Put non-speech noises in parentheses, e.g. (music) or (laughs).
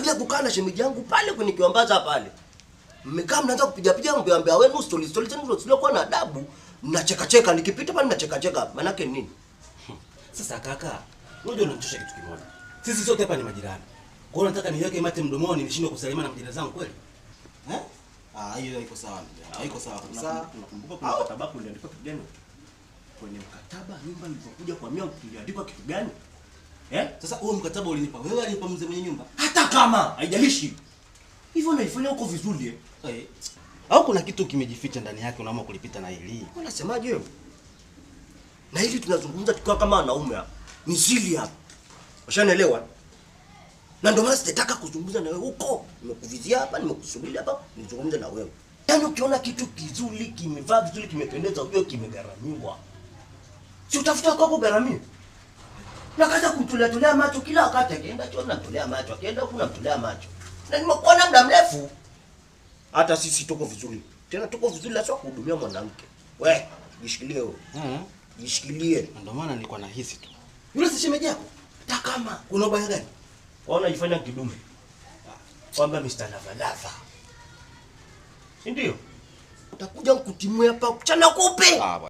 Nikaja kukaa na shemeji yangu pale kwenye kiwambaza pale. Mmekaa mnaanza kupiga piga mbeambea wenu story story zenu zilizosio kwa na adabu. Mnacheka cheka nikipita pale mnacheka cheka. Maana yake nini? (laughs) Sasa kaka, unajua unachosha kitu kimoja. Sisi sote hapa ni majirani. Kwa hiyo nataka niweke mate mdomoni nishindwe kusalimana na majirani zangu kweli? Eh? Ah, hiyo haiko sawa. Haiko sawa kabisa. Tunakumbuka kuna mkataba uliandikwa kitu gani? Kwenye mkataba nyumba nilipokuja kwa mimi uliandikwa kitu gani? Eh? Sasa huo mkataba ulinipa. Wewe alinipa mzee mwenye nyumba. Hata kama haijalishi. Hivyo naifanya huko vizuri eh. Eh. Au kuna kitu kimejificha ndani yake unaamua kulipita na hili? Unasemaje wewe? Na hili tunazungumza tukiwa kama wanaume hapa. Ni siri hapa. Ushanielewa? Na ndio maana sitataka kuzungumza na wewe huko. Nimekuvizia hapa, nimekusubiri hapa, nizungumze na wewe. Yaani ukiona kitu kizuri, kimevaa vizuri, kimependeza, ujue kimegharamiwa. Si utafuta kwako gharamia nakaza tulia macho kila wakati, akienda choo namtolea macho, akienda huku namtolea macho, na nimekuona muda mrefu. Hata sisi tuko vizuri tena, tuko vizuri la hasa kuhudumia mwanamke. We jishikilie wewe, mm jishikilie. Ndio maana nilikuwa hisi tu yule si shemeji yako, Ta kama kuna ubaya gani, waona jifanya kidume kwamba Mr. Lava Lava. ndio utakuja kutimua hapa kuchana kupi? Ah,